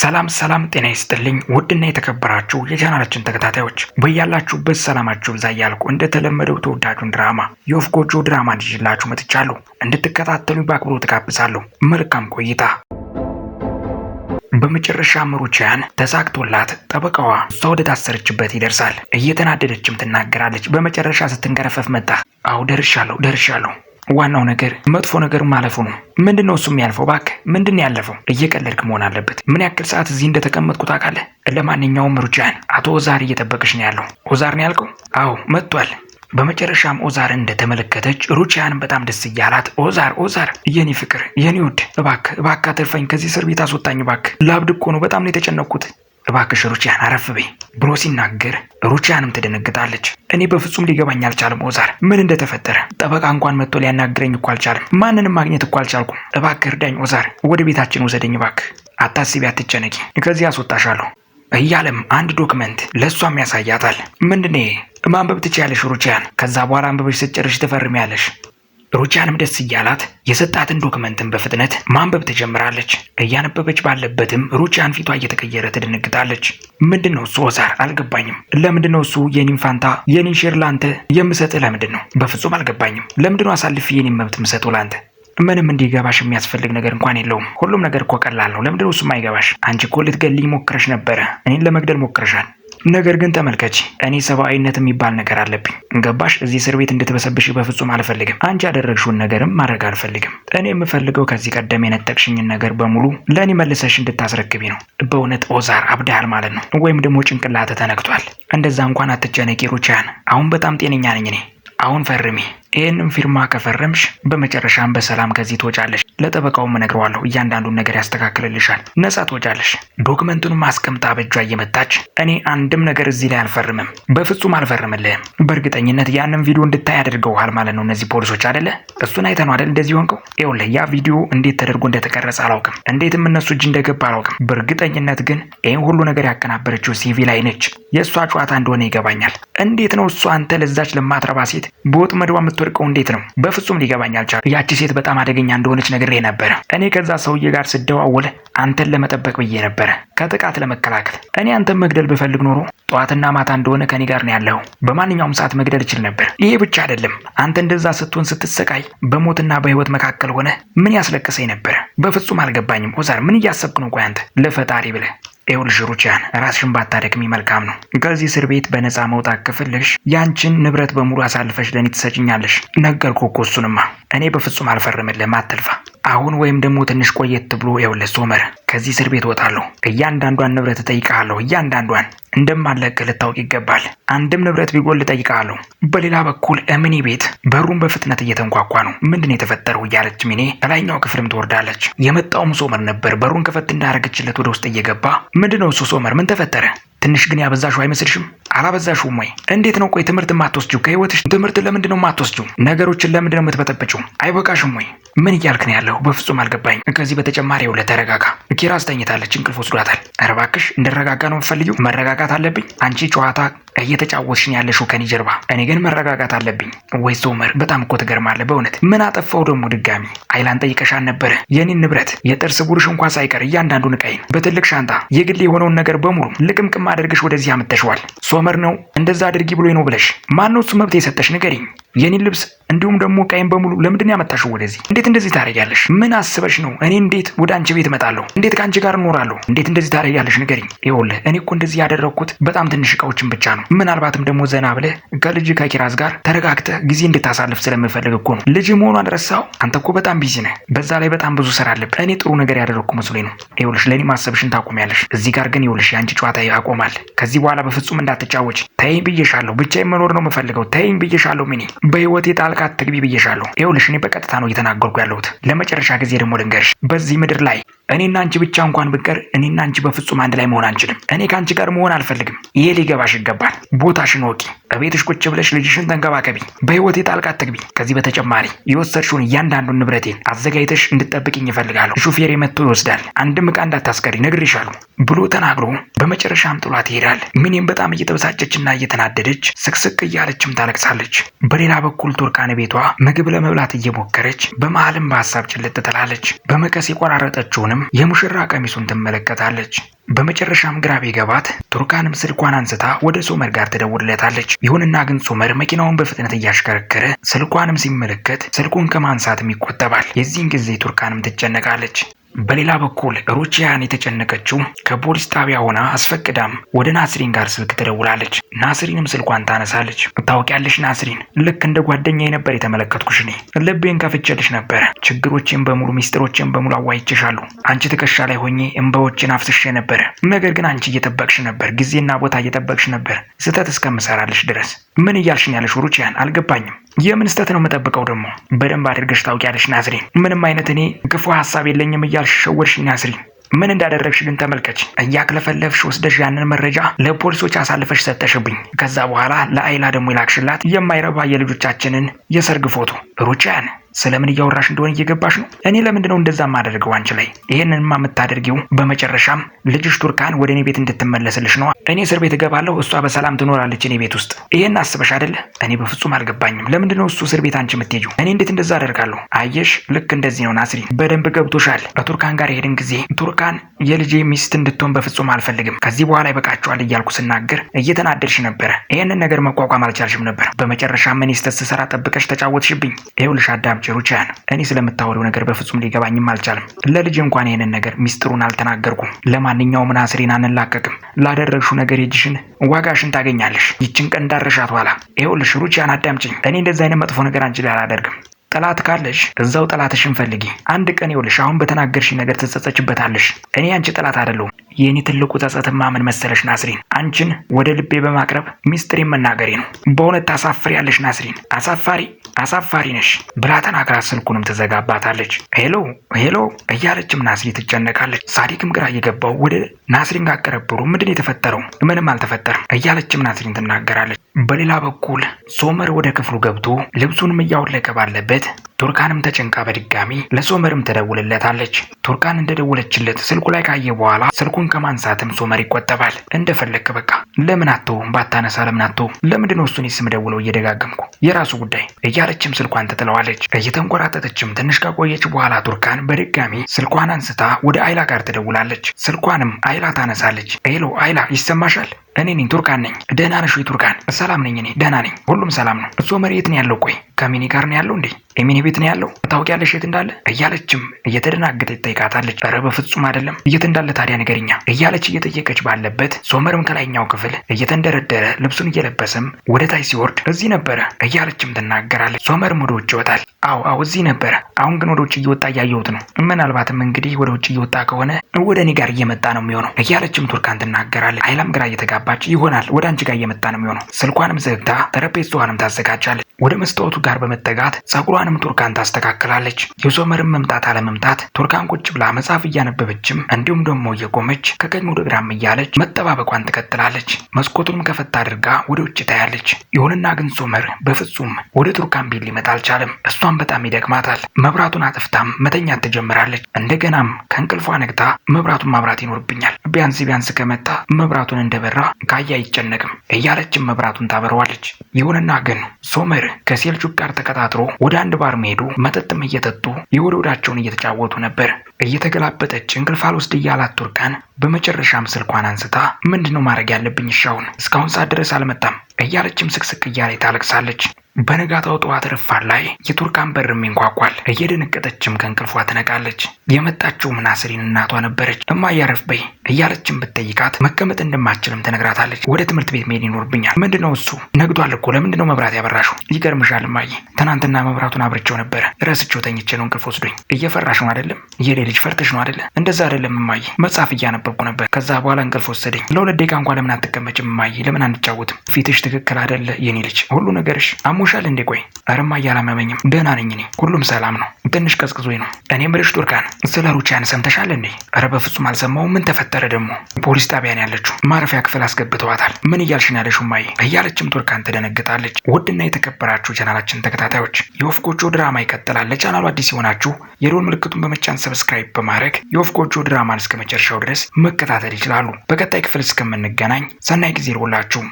ሰላም ሰላም፣ ጤና ይስጥልኝ ውድና የተከበራችሁ የቻናላችን ተከታታዮች በያላችሁበት ሰላማችሁ ብዛ እያልኩ እንደተለመደው ተወዳጁን ድራማ የወፍ ጎጆ ድራማ እንዲሽላችሁ መጥቻለሁ። እንድትከታተሉ በአክብሮት ትጋብዛለሁ። መልካም ቆይታ። በመጨረሻ ምሩቻያን ተሳክቶላት ጠበቃዋ እሷ ወደ ታሰረችበት ይደርሳል። እየተናደደችም ትናገራለች። በመጨረሻ ስትንገረፈፍ መጣ። አዎ ደርሻለሁ፣ ደርሻለሁ ዋናው ነገር መጥፎ ነገር ማለፉ ነው። ምንድን ነው እሱም ያልፈው እባክህ። ምንድን ያለፈው? እየቀለድክ መሆን አለበት። ምን ያክል ሰዓት እዚህ እንደተቀመጥኩ ታውቃለህ? ለማንኛውም ሩጫን አቶ ኦዛር እየጠበቅሽ ነው ያለው። ኦዛር ነው ያልከው? አዎ መጥቷል። በመጨረሻም ኦዛር እንደተመለከተች ሩቺያን በጣም ደስ እያላት፣ ኦዛር ኦዛር፣ የኔ ፍቅር፣ የኔ ውድ፣ እባክህ እባክህ አትርፈኝ፣ ከዚህ እስር ቤት አስወጣኝ እባክህ። ላብድ እኮ ነው፣ በጣም ነው የተጨነቅኩት። እባክሽ ሩቺያን አረፍ በይ ብሎ ሲናገር ሩቺያንም ትደነግጣለች። እኔ በፍጹም ሊገባኝ አልቻለም ኦዛር፣ ምን እንደተፈጠረ ጠበቃ እንኳን መጥቶ ሊያናግረኝ እኮ አልቻለም። ማንንም ማግኘት እኮ አልቻልኩም። እባክህ እርዳኝ ኦዛር፣ ወደ ቤታችን ውሰደኝ እባክህ። አታስቢ፣ አትጨነቂ፣ ከዚህ አስወጣሻለሁ እያለም አንድ ዶክመንት ለእሷም ያሳያታል። ምንድን ማንበብ ትችያለሽ ሩቺያን፣ ከዛ በኋላ አንብበሽ ስትጨርሽ ትፈርሚያለሽ። ሩቻንም ደስ እያላት የሰጣትን ዶክመንትን በፍጥነት ማንበብ ትጀምራለች። እያነበበች ባለበትም ሩቻን ፊቷ እየተቀየረ ትደነግጣለች። ምንድን ነው እሱ ኦዛር? አልገባኝም። ለምንድን ነው እሱ የኔን ፋንታ የኔን ሼር ላንተ የምሰጥህ? ለምንድን ነው በፍጹም አልገባኝም። ለምንድን ነው አሳልፌ የኔን መብት ምሰጠው ላንተ? ምንም እንዲገባሽ የሚያስፈልግ ነገር እንኳን የለውም። ሁሉም ነገር እኮ ቀላል ነው። ለምንድን ነው እሱም አይገባሽ? አንቺ እኮ ልትገልኝ ሞክረሽ ነበረ። እኔን ለመግደል ሞክረሻል። ነገር ግን ተመልከች፣ እኔ ሰብአዊነት የሚባል ነገር አለብኝ። ገባሽ? እዚህ እስር ቤት እንድትበሰብሽ በፍጹም አልፈልግም። አንቺ ያደረግሽውን ነገርም ማድረግ አልፈልግም። እኔ የምፈልገው ከዚህ ቀደም የነጠቅሽኝን ነገር በሙሉ ለእኔ መልሰሽ እንድታስረክቢ ነው። በእውነት ኦዛር አብዳል ማለት ነው፣ ወይም ደግሞ ጭንቅላት ተነክቷል። እንደዛ እንኳን አትጨነቂ ሩቻያን፣ አሁን በጣም ጤነኛ ነኝ እኔ። አሁን ፈርሚ። ይህንም ፊርማ ከፈረምሽ በመጨረሻም በሰላም ከዚህ ትወጫለሽ። ለጠበቃውም እነግረዋለሁ፣ እያንዳንዱን ነገር ያስተካክልልሻል፣ ነጻ ትወጫለሽ። ዶክመንቱን ማስቀምጣ በእጇ እየመታች እኔ አንድም ነገር እዚህ ላይ አልፈርምም፣ በፍጹም አልፈርምልህም። በእርግጠኝነት ያንን ቪዲዮ እንድታይ አድርገውሃል ማለት ነው እነዚህ ፖሊሶች አደለ? እሱን አይተህ ነው አደል እንደዚህ ሆንከው? ይኸውልህ ያ ቪዲዮ እንዴት ተደርጎ እንደተቀረጸ አላውቅም፣ እንዴትም እነሱ እጅ እንደገባ አላውቅም። በእርግጠኝነት ግን ይህን ሁሉ ነገር ያቀናበረችው ሲቪ ላይ ነች። የእሷ ጨዋታ እንደሆነ ይገባኛል። እንዴት ነው እሷ አንተ ለዛች ለማትረባ ሴት በወጥመዷ የምት ብርቁ እንዴት ነው? በፍጹም ሊገባኝ አልቻለም። ያቺ ሴት በጣም አደገኛ እንደሆነች ነግሬ ነበረ። እኔ ከዛ ሰውዬ ጋር ስደዋውል አንተን ለመጠበቅ ብዬ ነበረ፣ ከጥቃት ለመከላከል። እኔ አንተን መግደል ብፈልግ ኖሮ ጠዋትና ማታ እንደሆነ ከኔ ጋር ነው ያለው፣ በማንኛውም ሰዓት መግደል እችል ነበር። ይሄ ብቻ አይደለም፣ አንተ እንደዛ ስትሆን ስትሰቃይ በሞትና በህይወት መካከል ሆነ ምን ያስለቅሰኝ ነበረ? በፍጹም አልገባኝም። ኦዛር ምን እያሰብክ ነው? ቆይ አንተ ለፈጣሪ ብለህ ኤውልሽ ሩቺያን ራስሽን ባታደክሚ መልካም ነው። ከዚህ እስር ቤት በነፃ መውጣት ክፍልሽ ያንቺን ንብረት በሙሉ አሳልፈሽ ለእኔ ትሰጭኛለሽ። ነገርኩ እኮ እሱንማ። እኔ በፍጹም አልፈርምልህም፣ አትልፋ። አሁን ወይም ደግሞ ትንሽ ቆየት ብሎ ኤውልሽ ሶመር፣ ከዚህ እስር ቤት እወጣለሁ። እያንዳንዷን ንብረት እጠይቅሃለሁ፣ እያንዳንዷን እንደማለቅህ ልታውቅ ይገባል። አንድም ንብረት ቢጎል ልጠይቅሃለሁ። በሌላ በኩል እምኒ ቤት በሩን በፍጥነት እየተንኳኳ ነው። ምንድን የተፈጠረው እያለች ሚኔ ከላይኛው ክፍልም ትወርዳለች። የመጣውም ሶመር ነበር። በሩን ከፈት እንዳደረገችለት ወደ ውስጥ እየገባ ምንድነው እሱ ሶመር ምን ተፈጠረ? ትንሽ ግን ያበዛሽው አይመስልሽም? አላበዛሽውም ወይ? እንዴት ነው ቆይ ትምህርት ማትወስጂው? ከህይወትሽ ትምህርት ለምንድን ነው ማትወስጂው? ነገሮችን ለምንድን ነው የምትበጠበጪው? አይበቃሽም ወይ? ምን እያልክ ነው ያለው? በፍጹም አልገባኝ። ከዚህ በተጨማሪ ውለ ተረጋጋ። ኪራስ ተኝታለች፣ እንቅልፍ ወስዷታል። ኧረ እባክሽ እንድረጋጋ ነው የምትፈልጊው? መረጋጋት አለብኝ። አንቺ ጨዋታ እየተጫወትሽን ያለሽው ከኔ ጀርባ፣ እኔ ግን መረጋጋት አለብኝ ወይ? ሶመር በጣም እኮ ትገርማለህ በእውነት ምን አጠፋው ደግሞ ድጋሚ? አይላን ጠይቀሻን ነበረ? የኔን ንብረት የጥርስ ቡርሽ እንኳን ሳይቀር እያንዳንዱን ዕቃዬን በትልቅ ሻንጣ የግል የሆነውን ነገር በሙሉ ልቅምቅማ አድርገሽ ወደዚህ አምጥተሽዋል። ሶመር ነው እንደዛ አድርጊ ብሎ ነው ብለሽ ማን ነው እሱ መብት የሰጠሽ ንገሪኝ። የኔን ልብስ እንዲሁም ደግሞ ቀይን በሙሉ ለምንድን ያመጣሽው ወደዚህ? እንዴት እንደዚህ ታደርጊያለሽ? ምን አስበሽ ነው? እኔ እንዴት ወደ አንቺ ቤት እመጣለሁ? እንዴት ከአንቺ ጋር እኖራለሁ? እንዴት እንደዚህ ታደርጊያለሽ? ንገሪኝ። ይኸውልህ እኔ እኮ እንደዚህ ያደረግኩት በጣም ትንሽ እቃዎችን ብቻ ነው። ምናልባትም ደግሞ ዘና ብለህ ከልጅ ከኪራዝ ጋር ተረጋግተህ ጊዜ እንድታሳልፍ ስለምፈልግ እኮ ነው። ልጅ መሆኗን ረሳው? አንተ እኮ በጣም ቢዚ ነህ። በዛ ላይ በጣም ብዙ ስራ አለብህ። እኔ ጥሩ ነገር ያደረግኩ መስሎኝ ነው። ይኸውልሽ ለእኔ ማሰብሽን ታቆሚያለሽ። እዚህ ጋር ግን ይኸውልሽ የአንቺ ጨዋታ ያቆማል። ከዚህ በኋላ በፍጹም እንዳትጫወች። ተይኝ ብዬሻለሁ። ብቻዬን መኖር ነው የምፈልገው። ተይኝ ብዬሻለሁ ሚኒ በህይወት የጣልቃ ትግቢ ብዬሻለሁ። ይኸውልሽ እኔ በቀጥታ ነው እየተናገርኩ ያለሁት። ለመጨረሻ ጊዜ ደግሞ ልንገርሽ በዚህ ምድር ላይ እኔና አንቺ ብቻ እንኳን ብቀር እኔና አንቺ በፍጹም አንድ ላይ መሆን አንችልም። እኔ ከአንቺ ጋር መሆን አልፈልግም። ይሄ ሊገባሽ ይገባል። ቦታሽን ወቂ። እቤትሽ ቁጭ ብለሽ ልጅሽን ተንከባከቢ። በህይወት ጣልቃ ትግቢ ከዚህ በተጨማሪ የወሰድሽውን እያንዳንዱን ንብረቴን አዘጋጅተሽ እንድጠብቅኝ ይፈልጋለሁ። ሹፌሬ መጥቶ ይወስዳል። አንድም ዕቃ እንዳታስቀሪ እነግርሻለሁ ብሎ ተናግሮ በመጨረሻም ጥሏት ይሄዳል። ምኔም በጣም እየተበሳጨችና እየተናደደች ስቅስቅ እያለችም ታለቅሳለች። በሌላ በኩል ቱርካን ቤቷ ምግብ ለመብላት እየሞከረች በመሀልም በሀሳብ ጭልጥ ትላለች። በመቀስ የቆራረጠችውን ቱርካንም የሙሽራ ቀሚሱን ትመለከታለች። በመጨረሻም ግራ ቢገባት ቱርካንም ስልኳን አንስታ ወደ ሶመር ጋር ትደውልለታለች። ይሁንና ግን ሶመር መኪናውን በፍጥነት እያሽከረከረ ስልኳንም ሲመለከት ስልኩን ከማንሳትም ይቆጠባል። የዚህን ጊዜ ቱርካንም ትጨነቃለች። በሌላ በኩል ሩቺያን የተጨነቀችው ከፖሊስ ጣቢያ ሆና አስፈቅዳም ወደ ናስሪን ጋር ስልክ ትደውላለች። ናስሪንም ስልኳን ታነሳለች። ታውቂያለሽ ናስሪን፣ ልክ እንደ ጓደኛዬ ነበር የተመለከትኩሽ። እኔ ልቤን ከፍቼልሽ ነበረ። ችግሮቼን በሙሉ ሚስጥሮቼን በሙሉ አዋይቼሻለሁ። አንቺ ትከሻ ላይ ሆኜ እንባዎችን አፍስሼ ነበረ። ነገር ግን አንቺ እየጠበቅሽ ነበር፣ ጊዜና ቦታ እየጠበቅሽ ነበር፣ ስህተት እስከምሰራልሽ ድረስ። ምን እያልሽን ያለሽ ሩቺያን? አልገባኝም የምን ስተት ነው የምጠብቀው? ደግሞ በደንብ አድርገሽ ታውቂያለሽ ናዝሪ። ምንም አይነት እኔ ክፉ ሀሳብ የለኝም እያልሽ ሸወድሽ ናዝሪ። ምን እንዳደረግሽ ግን ተመልከች። እያክለፈለፍሽ ወስደሽ ያንን መረጃ ለፖሊሶች አሳልፈሽ ሰጠሽብኝ። ከዛ በኋላ ለአይላ ደግሞ ይላክሽላት የማይረባ የልጆቻችንን የሰርግ ፎቶ ሩጫያን ስለምን እያወራሽ እንደሆነ እየገባሽ ነው? እኔ ለምንድን ነው እንደዛ ማደርገው አንቺ ላይ? ይህንንማ የምታደርጊው በመጨረሻም ልጅሽ ቱርካን ወደ እኔ ቤት እንድትመለስልሽ ነዋ። እኔ እስር ቤት እገባለሁ፣ እሷ በሰላም ትኖራለች እኔ ቤት ውስጥ። ይህን አስበሽ አይደለ? እኔ በፍጹም አልገባኝም። ለምንድን ነው እሱ እስር ቤት አንቺ የምትሄጂው? እኔ እንዴት እንደዛ አደርጋለሁ? አየሽ፣ ልክ እንደዚህ ነው ናስሪ። በደንብ ገብቶሻል። ከቱርካን ጋር የሄድን ጊዜ ቱርካን የልጄ ሚስት እንድትሆን በፍጹም አልፈልግም። ከዚህ በኋላ ይበቃቸዋል እያልኩ ስናገር እየተናደድሽ ነበረ። ይህንን ነገር መቋቋም አልቻልሽም ነበር። በመጨረሻ እኔ ስህተት ስሰራ ጠብቀሽ ተጫወትሽብኝ። ይኸውልሽ አዳም አጭሩ ቻን፣ እኔ ስለምታወሪው ነገር በፍጹም ሊገባኝም አልቻለም። ለልጅ እንኳን ይህንን ነገር ሚስጥሩን አልተናገርኩም። ለማንኛውም ናስሪን አንላቀቅም። ላደረግሽው ነገር የእጅሽን ዋጋሽን ታገኛለሽ። ይችን ቀን እንዳረሻት ኋላ። ይኸውልሽ ሩቺያን አዳምጭኝ እኔ እንደዚህ አይነት መጥፎ ነገር አንቺ ላይ አላደርግም። ጠላት ካለሽ እዛው ጠላትሽን ፈልጊ። አንድ ቀን ይኸውልሽ አሁን በተናገርሽ ነገር ትጸጸችበታለሽ። እኔ አንቺ ጠላት አይደለሁም። የእኔ ትልቁ ጸጸት ምን መሰለሽ ናስሪን፣ አንቺን ወደ ልቤ በማቅረብ ሚስጥሬን መናገሬ ነው። በእውነት ታሳፍሪያለሽ ናስሪን፣ አሳፋሪ አሳፋሪ ነሽ ብላ ተናግራት ስልኩንም ትዘጋባታለች። ሄሎ ሄሎ እያለችም ናስሪ ትጨነቃለች። ሳዲቅም ግራ እየገባው ወደ ናስሪን ጋር ቀረበሩ። ምንድን የተፈጠረው? ምንም አልተፈጠረም እያለችም ናስሪን ትናገራለች። በሌላ በኩል ሶመር ወደ ክፍሉ ገብቶ ልብሱንም እያወለቀ ባለበት ቱርካንም ተጨንቃ በድጋሚ ለሶመርም ትደውልለታለች። ቱርካን እንደደወለችለት ስልኩ ላይ ካየ በኋላ ስልኩን ከማንሳትም ሶመር ይቆጠባል። እንደፈለክ በቃ ለምን አቶ ባታነሳ ለምን አቶ ለምንድን ነው እሱን ስም ደውለው እየደጋገምኩ የራሱ ጉዳይ እያ እያለችም ስልኳን ትጥለዋለች። እየተንቆራጠጠችም ትንሽ ከቆየች በኋላ ቱርካን በድጋሚ ስልኳን አንስታ ወደ አይላ ጋር ትደውላለች። ስልኳንም አይላ ታነሳለች። ሄሎ አይላ፣ ይሰማሻል? እኔ ነኝ ቱርካን ነኝ። ደህና ነሽ? ቱርካን ሰላም ነኝ። እኔ ደህና ነኝ። ሁሉም ሰላም ነው። እሱ መሬት ነው ያለው። ቆይ ከሚኒ ጋር ነው ያለው እንዴ? የሚኒ ቤት ነው ያለው ታውቂያለሽ የት እንዳለ እያለችም እየተደናገጠ ይጠይቃታለች። ኧረ በፍጹም አይደለም፣ የት እንዳለ ታዲያ ነገርኛ እያለች እየጠየቀች ባለበት ሶመርም ከላይኛው ክፍል እየተንደረደረ ልብሱን እየለበሰም ወደ ታች ሲወርድ እዚህ ነበረ እያለችም ትናገራለች። ሶመርም ወደ ውጭ ይወጣል። አዎ አዎ እዚህ ነበረ፣ አሁን ግን ወደ ውጭ እየወጣ እያየሁት ነው። ምናልባትም እንግዲህ ወደ ውጭ እየወጣ ከሆነ ወደ እኔ ጋር እየመጣ ነው የሚሆነው እያለችም ቱርካን ትናገራለች። አይላም ግራ እየተጋባች ይሆናል ወደ አንቺ ጋር እየመጣ ነው የሚሆነው ስልኳንም ዘግታ ጠረጴዛዋንም ታዘጋጃለች። ወደ መስታወቱ ጋር በመጠጋት ጸጉሯንም ቱርካን ታስተካክላለች። የሶመርን መምጣት አለመምጣት ቱርካን ቁጭ ብላ መጽሐፍ እያነበበችም እንዲሁም ደግሞ እየቆመች ከቀኝ ወደ ግራም እያለች መጠባበቋን ትቀጥላለች። መስኮቱንም ከፈት አድርጋ ወደ ውጭ ታያለች። ይሁንና ግን ሶመር በፍጹም ወደ ቱርካን ቤት ሊመጣ አልቻለም። እሷም በጣም ይደክማታል። መብራቱን አጥፍታም መተኛት ትጀምራለች። እንደገናም ከእንቅልፏ ነግታ መብራቱን ማብራት ይኖርብኛል፣ ቢያንስ ቢያንስ ከመጣ መብራቱን እንደበራ ካየ አይጨነቅም እያለችም መብራቱን ታበረዋለች። ይሁንና ግን ሶመር ጀምር ከሴልጁክ ጋር ተቀጣጥሮ ወደ አንድ ባር መሄዱ መጠጥም እየጠጡ የወደ ወዳቸውን እየተጫወቱ ነበር። እየተገላበጠች እንቅልፍ አልወስድ እያላት ቱርካን በመጨረሻም ስልኳን አንስታ ምንድነው ማድረግ ያለብኝ እሻውን እስካሁን ሰዓት ድረስ አልመጣም እያለችም ስቅስቅ እያለች ታለቅሳለች። በነጋታው ጠዋት ረፋድ ላይ የቱርካን በርም ይንኳኳል። እየደነቀጠችም ከእንቅልፏ ትነቃለች። የመጣችው ምናስሪን እናቷ ነበረች። እያረፍ በይ እያለችም ብትጠይቃት መቀመጥ እንደማችልም ትነግራታለች። ወደ ትምህርት ቤት መሄድ ይኖርብኛል። ምንድነው እሱ? ነግዷል እኮ ለምንድነው መብራት ያበራሹ? ይገርምሻል እማዬ፣ ትናንትና መብራቱን አብርቼው ነበረ። ረስቼው ተኝቼ ነው እንቅልፍ ወስዶኝ። እየፈራሽ ነው አይደለም? የሌ ልጅ ፈርተሽ ነው አይደለ? እንደዛ አይደለም እማዬ፣ መጽሐፍ እያነበብኩ ነበር። ከዛ በኋላ እንቅልፍ ወሰደኝ። ለሁለት ደቂቃ እንኳ ለምን አትቀመጭም እማዬ? ለምን አንጫወትም? ፊትሽ ትክክል አይደለ የኔ ልጅ፣ ሁሉ ነገርሽ አሞሻል እንዴ? ቆይ ኧረ እማዬ ደህና ነኝ እኔ፣ ሁሉም ሰላም ነው። ትንሽ ቀዝቅዞኝ ነው። እኔ ምልሽ ቱርካን፣ ስለ ሩቺያን ሰምተሻል እንዴ? ኧረ በፍጹም አልሰማውም። ምን ተፈጠረ ደግሞ? ፖሊስ ጣቢያን ያለችው ማረፊያ ክፍል አስገብተዋታል። ምን እያልሽ ነው እማዬ? እያለችም ቱርካን ትደነግጣለች። ውድና የተከበራችሁ ቻናላችን ተከታታዮች የወፍ ጎጆ ድራማ ይቀጥላል። ለቻናሉ አዲስ የሆናችሁ የዶል ምልክቱን በመጫን ሰብስክራ ሰብስክራይብ በማድረግ የወፍ ጎጆ ድራማን እስከ መጨረሻው ድረስ መከታተል ይችላሉ። በቀጣይ ክፍል እስከምንገናኝ ሰናይ ጊዜ ይሁንላችሁ።